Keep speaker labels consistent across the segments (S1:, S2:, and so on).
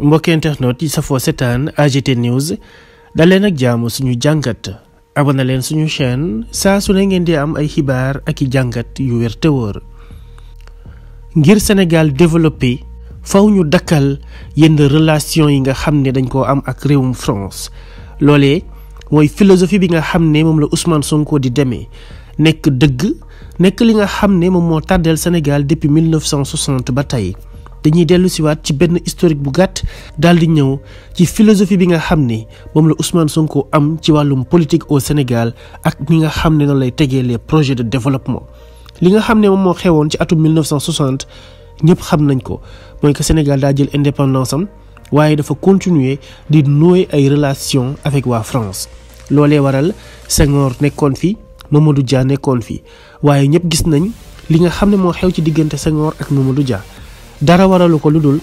S1: mbokki internet yi safoo setaan AGT news daleen ak jaamu suñu jàngat na leen suñu chaîne saa su ne ngeen di am ay xibaar ak i jàngat yu wér te ngir Sénégal développé faw ñu dakkal yenn relation yi nga xam ne dañ koo am ak réewum France loole mooy philosophie bi nga xam ne moom la Ousmane Sonko di demee nekk dëgg nekk li nga xam ne moom moo tàddeel Sénégal depuis 1960 ba tey dañuy dellu siwaat ci benn historique bu gàtt daal di ñëw ci philosophie bi nga xam ne moom la Ousmane Sonko am ci wàllum politique au Sénégal ak ñi nga xam ne noonu lay tegee les projet de développement li nga xam ne moo xewoon ci atum 1960 ñëpp xam nañ ko mooy que Sénégal daa jël indépendance am waaye dafa continuer di nouer ay relations avec waa France loolee waral Senghor nekkoon fi Mamadou jaa nekkoon fi waaye ñëpp gis nañ li nga xam ne moo xew ci diggante Senghor ak Mamadou Dia dara waralu ko lu dul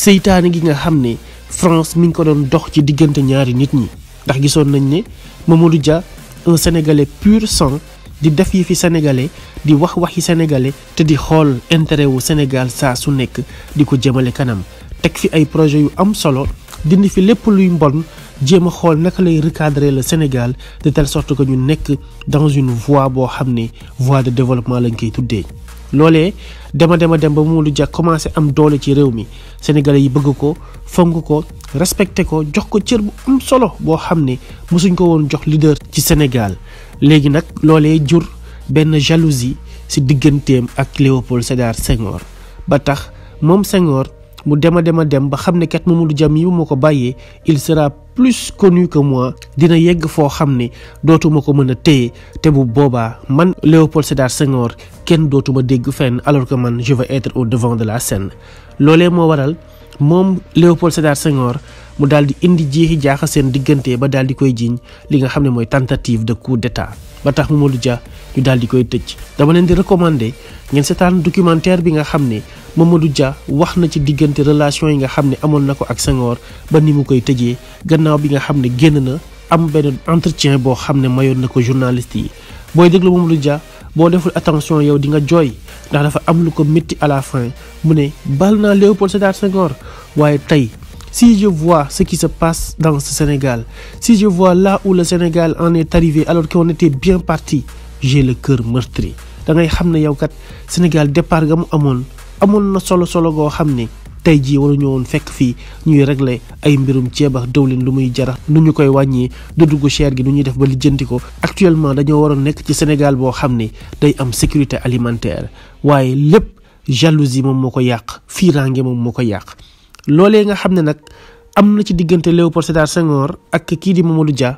S1: seytaane gi nga xam ne France mi ngi ko doon dox ci diggante ñaari nit ñi ndax gisoon nañ ne Mamadou Dia un sénégalais pur sang di def yi fi sénégalais di wax wax yi sénégalais te di xool intérêt wu Sénégal saa su nekk di ko jëmale kanam teg fi ay projet yu am solo dindi fi lépp luy mbon jéem a xool naka lay recadrer le Sénégal de telle sorte que ñu nekk dans une voie boo xam ne voie de développement lañ koy tuddee. loolee dema dema dem ba Mamadou Dia commencé am doole ci réew mi sénégalais yi bëgg ko fonk ko respecté ko jox ko cër bu am solo boo xam ne mosuñ ko woon jox leader ci Sénégal léegi nag loolee jur benn jalousie si digganteem ak Léopold Sédar Senghor ba tax moom Senghor mu dema dema dem ba xam ne kat Mamadou Dia mii bu ma ko bàyyee il sera plus connu que moi dina yegg foo xam ne dootuma ko mën a téye te bu boobaa man Léopold Sédar Senghor kenn dootuma dégg fenn alors que man je veux être au devant de la scène loolee moo waral moom Léopold Sédar Senghor mu daal di indi jeexi jaaxa seen diggante ba daal di koy jiiñ li nga xam ne mooy tentative de coup d'état ba tax du Dia ñu daal di koy tëj dama leen di recommander ngeen seetaan documentaire bi nga xam ne moom Mamadou Dia wax na ci diggante relation yi nga xam ne amoon na ko ak Senghor ba ni mu koy tëjee gannaaw bi nga xam ne génn na am benn entretien boo xam ne mayoon na ko journaliste yi booy déglu Mamadou Dia boo deful attention yow di nga jooy ndax dafa am lu ko métti à la fin mu ne bal naa Léopold Sédar waaye tey ci je vois ce qui se passe dans ce Sénégal, si je vois là où Sénégal en est arrivé alors qu'on était bien parti, j'ai le kër meurtri. da ngay xam ne yow kat Sénégal départ ga mu amoon amoon na solo solo goo xam ne tey jii waruñu woon fekk fii ñuy regle ay mbirum ceeb ak dëwlin lu muy jara nu ñu koy wàññee wàññi dugg cher gi nu ñuy def ba lijjanti ko actuellement dañoo waroon nekk ci Sénégal boo xam ne day am sécurité alimentaire waaye lépp jalousie moom moo ko yàq fiiraange moom moo ko yàq. loole nga xam ne nag am na ci diggante Léopold Sédar Senghor ak kii di Mamadou Dia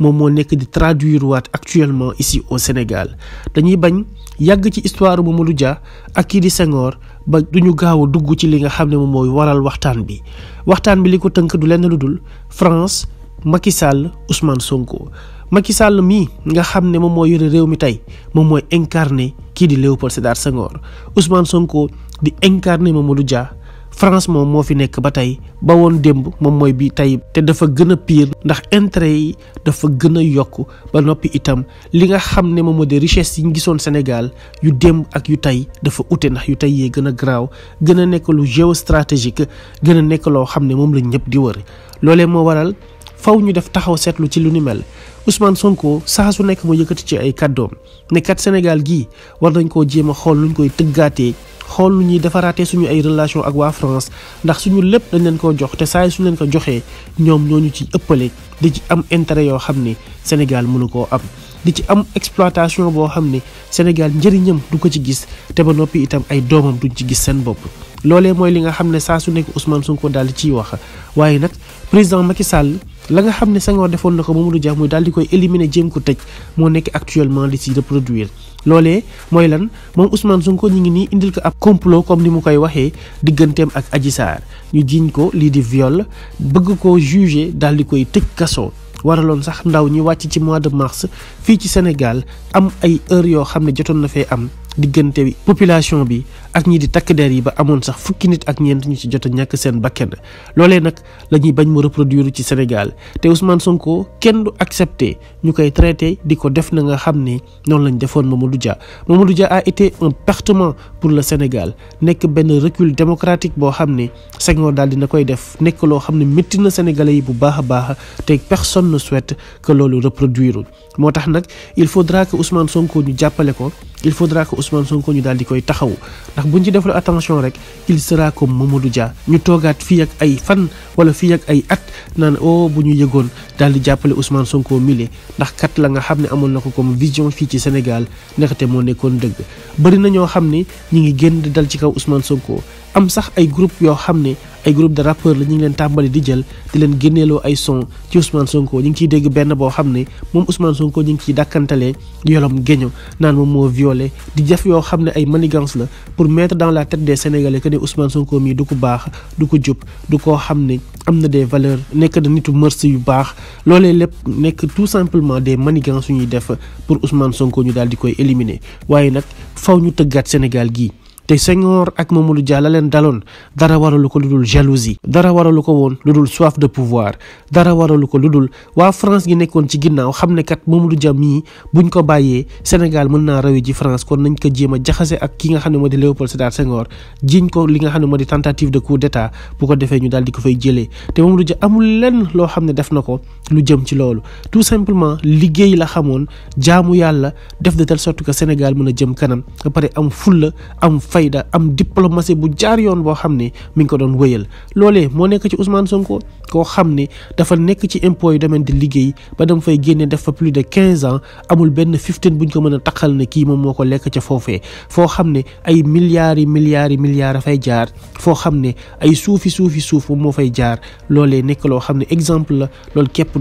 S1: moom moo nekk di traduire waat actuellement ici au Sénégal dañuy bañ yàgg ci histoire Mamadou Dia ak kii di Senghor ba duñu gaaw a dugg ci li nga xam ne moom mooy waral waxtaan bi waxtaan bi li ko tënk du lenn lu dul France Macky Sall Ousmane Sonko Macky Sall mii nga xam ne moom mooy yore réew mi tey moom mooy incarné kii di Léopold Sédar Senghor Ousmane Sonko di incarné Mamadou Dia France moom moo fi nekk ba tey ba woon démb moom mooy bi tey te dafa gën a pire ndax intérêt yi dafa gën a yokk ba noppi itam li nga xam ne moom moo di richesse yi ñu gisoon Sénégal yu démb ak yu tey dafa ute ndax yu tey yee gën a garaaw gën a nekk lu géostratégique gën a nekk xam ne moom la ñëpp di wër loolee moo waral faw ñu def taxaw seetlu ci lu ni mel Ousmane Sonko saa su nekk mu yëkkati ci ay kàddoom ne kat Sénégal gii war nañ koo jéem a xool luñ koy tëggaatee. xool lu ñuy defaraatee suñu ay relation ak waa France ndax suñu lépp dañ leen koo jox te saa yi suñu leen ko joxee ñoom ñoo ñu ci ëppale di ci am intérêt yoo xam ne Sénégal mënu ko am. di ci am exploitation boo xam ne Sénégal njëriñam du ko ci gis te ba noppi itam ay doomam duñ ci gis seen bopp. loolee mooy li nga xam ne saa su nekk Ousmane Sonko daal di ciy wax waaye nag président Macky Sall la nga xam ne Senghor defoon na ko Mamadou Dia muy daal di koy éliminer jéem ko tëj moo nekk actuellement di ci reproduire loole mooy lan moom Ousmane ko ñu ngi nii indil ko ab complot comme ni mu koy waxee digganteem ak Adji Sarr ñu jiiñ ko lii di viol bëgg ko juger daal di koy tëj kaso waraloon sax ndaw ñi wàcc ci mois de mars fii ci Sénégal am ay heures yoo xam ne jotoon na fee am diggante bi population bi ak ñii di takk der yi ba amoon sax fukki nit ak ñeent ñu ci jot a ñàkk seen bakken loolee nag la ñuy bañ mu reproduire ci Sénégal te Ousmane Sonko kenn du accepté ñu koy traité di ko def na nga xam ne noonu lañ defoon Mamadou Dia Mamadou Dia a été un pertement pour le Sénégal nekk benn recul démocratique boo xam ne Senghor daal dina koy def nekk loo xam ne métti na Sénégalais yi bu baax a baax te personne ne souhaite que loolu reproduire moo tax nag il faudra que Ousmane Sonko ñu jàppale ko. il faudra que Ousmane Sonko ñu daal di koy taxaw ndax buñ ci deflu attention rek il sera comme Mamadou Dia ñu toogaat fii ak ay fan wala fii ak ay at naan o oh, bu ñu yëgoon daal di jàppale Ousmane Sonko mile ndax kat la nga xam ne amoon na ko comme vision fii ci Sénégal ndaxte moo nekkoon dëgg bëri na ñoo xam ne ñi ngi génn dal ci kaw usmaan Sonko am sax ay groupe yoo xam ne ay groupe de rappeurs la ñu ngi leen tàmbali di jël di leen génneeloo ay son ci Ousmane Sonko ñu ngi ciy dégg benn boo xam ne moom Ousmane Sonko ñu ngi ciy dàkkantalee yolom géño naan moom moo violé di jëf yoo xam ne ay manigance la pour mettre dans la tête de Sénégalais que ne Ousmane Sonko mii du ko baax du ko jub du koo xam ne am na des valeurs nekk na nitu mœurs yu baax loole lépp nekk tout simplement des manigances yu ñuy def pour Ousmane Sonko ñu daal di koy éliminer waaye nag faw ñu tëggaat Sénégal gii te Senghor ak Mamadou Dia la leen daloon dara waralu ko lu dul jalousie dara waralu ko woon lu dul soif de pouvoir dara waralu ko lu dul waa France gi nekkoon ci ginnaaw xam ne kat moom Mamadou Dia mii buñ ko bàyyee Sénégal mën naa rawe ji France kon nañ ko jéem a jaxase ak kii nga xam ne moo di Léopold Sédar Senghor jiñ ko li nga xam ne moo di tentative de coup d'état bu ko defee ñu daal di ko fay jëlee te moom Mamadou Dia amul lenn loo xam ne def na ko lu jëm ci loolu tout simplement liggéey la xamoon jaamu yàlla def de telle sorte que Sénégal mën a jëm kanam ba pare am fulla am fayda am diplomatie bu jaar yoon boo xam ne mi ngi ko doon wëyal loole moo nekk ci Ousmane Sonko koo xam ne dafa nekk ci impôt yu demee di liggéey ba dama fay génne def fa plus de quinze ans amul benn fifteen buñ ko mën a taqal na kii moom moo ko lekk ca foofee foo xam ne ay milliards yi milliards yi milliards a fay jaar foo xam ne ay suufi suufi suuf moom moo fay jaar loolee nekk loo xam ne exemple la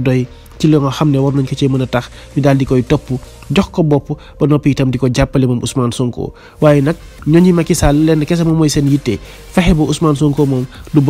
S1: doy ci li nga xam ne war nañ ko cee mën a tax ñu daal di koy topp jox ko bopp ba noppi itam di ko jàppale moom Ousmane Sonko waaye nag ñooñu Macky Sall lenn kese moom mooy seen yitte fexe ba Ousmane Sonko moom du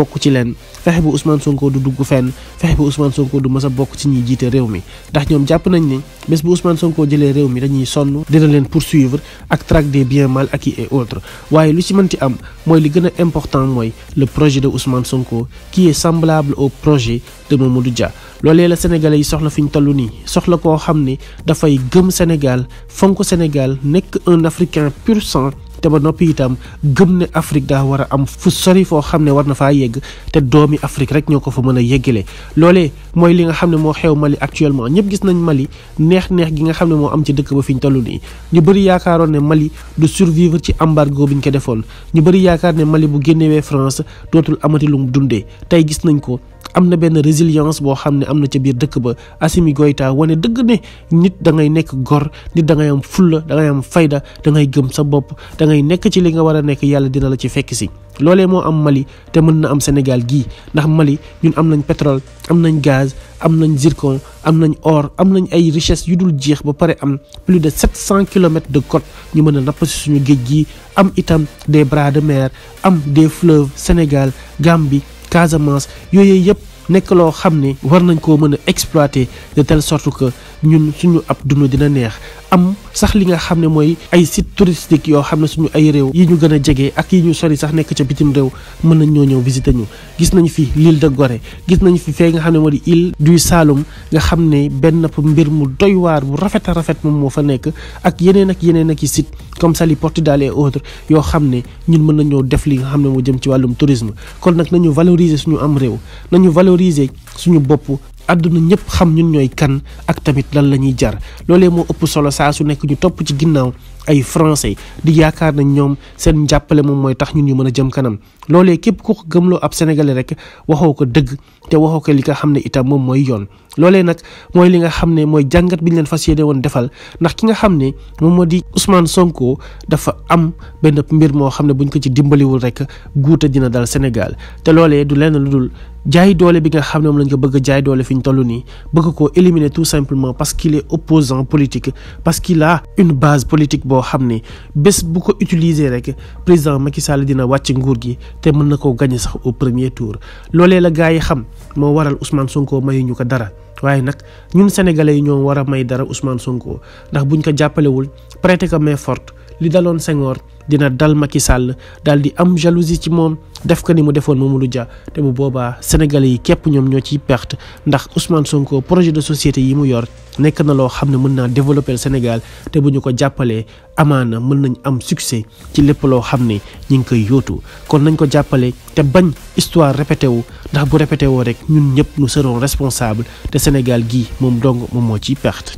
S1: dugg fenn fexe ba Ousmane Sonko du mës a bokk ci ñiy jiite réew mi ndax ñoom jàpp nañ ni bés bu Ousmane Sonko jëlee réew mi dañuy sonn dina leen poursuivre ak traque des biens mal acquis et autres waaye lu ci am mooy li gën a important mooy le projet de Ousmane Sonko qui est semblable au projet de Mamadou Dia loolee la sénégalais yi s fi ñu toll nii soxla koo xam ne dafay gëm Sénégal fonk Sénégal nekk un africain pur sang te ba noppi itam gëm ne Afrique daa war a am fu sori foo xam ne war na faa yegg te doomi Afrique rek ñoo ko fa mën a yeggale loole mooy li nga xam ne moo xew Mali actuellement ñëpp gis nañ Mali neex-neex gi nga xam ne moo am ci dëkk ba fi ñu toll nii ñu bëri yaakaaroon ne Mali du survivre ci embargo bi ñu ko defoon ñu bëri yaakaar ne Mali bu génnewee France dootul amati lu dundee tey gis nañ ko am na benn résilience boo xam ne am na ca biir dëkk ba Assimi Goïta wane dëgg ne nit da ngay nekk gor nit da ngay am fulla da am fayda da ngay gëm sa bopp da ngay nekk ci li nga war a nekk yàlla dina la ci fekk si. loole moo am Mali te mën na am Sénégal gii ndax Mali ñun am nañ pétrole am nañ gaz am nañ zircon am nañ or am nañ ay richesse yu dul jeex ba pare am plus de sept cent kilomètres de côte ñu mën a napp si suñu géej gi am itam des bras de mer am des fleuves Sénégal Gambie. Casamance yooyu yëpp nekk loo xam ni war nañ ko mën a exploiter de telle sorte que ñun suñu ab dund dina neex am sax li nga xam ne mooy ay site touristique yoo xam ne suñu ay réew yi ñu gën a jege ak yi ñu sori sax nekk ca bitim réew mën nañ ñëw visiter ñu gis nañ fi l'île de gore gis nañu fi fee nga xam ne moo di île du Saloum nga xam ne benn mbir mu doy waar bu rafet rafet moom moo fa nekk ak yeneen ak yeneen ak i site comme Saly Portudal et autres yoo xam ne ñun mën nañoo def li nga xam ne moo jëm ci wàllum tourisme kon nag nañu valoriser suñu am réew nañu valoriser suñu bopp àdduna ñëpp xam ñun ñooy kan ak tamit lan la ñuy jar loolee moo ëpp solo saa su nekk ñu topp ci ginnaaw ay francais di yaakaar nañ ñoom seen njàppale moom mooy tax ñun ñu mën a jëm kanam loolee képp ku ko gëmloo ab sénégalais rek waxoo ko dëgg te waxoo ko li nga xam ne itam moom mooy yoon loolee nag mooy li nga xam ne mooy jàngat bi ñu leen fas yéene woon defal ndax ki nga xam ne moom moo di Ousmane Sonko dafa am benn mbir moo xam ne buñ ko ci dimbaliwul rek guuta dina dal Sénégal te loolee du lenn lu dul jaay doole bi nga xam ne moom lañ ko bëgg jaay doole fi ñu toll nii bëgg koo éliminer tout simplement parce qu'il est opposant politique parce qu'il a une base politique boo xam ne bés bu ko utiliser rek président Macky Sall dina wàcc nguur gi te mën na koo gagné sax au premier tour loole la gars yi xam moo waral Ousmane sunkoo mayuñu ko dara. waaye nag ñun sénégalais yi ñoo war a may dara Ousmane Sonko ndax buñ ko jàppalewul prêter ko main forte li daloon Senghor dina dal Macky Sall daal di am jalousie ci moom def ko ni mu defoon Mamadou Dia te bu boobaa sénégal yi képp ñoom ñoo ciy perte ndax Ousmane Sonko projet de société yi mu yor nekk na loo xam ne mën naa développer Sénégal te bu ñu ko jàppalee amaana mën nañ am succès ci lépp loo xam ne ñu ngi koy yóotu kon nañ ko jàppale te bañ histoire répété wu ndax bu répété woo rek ñun ñëpp nous serons responsables te Sénégal gii moom dong moom moo ciy perte.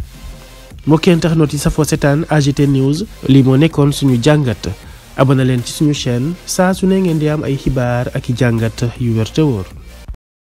S1: mbokki internautes yi safoo seetaan AGT News lii moo nekkoon suñu jàngat na leen ci suñu chaîne saa su nee ngeen di am ay xibaar ak i jàngat yu wér te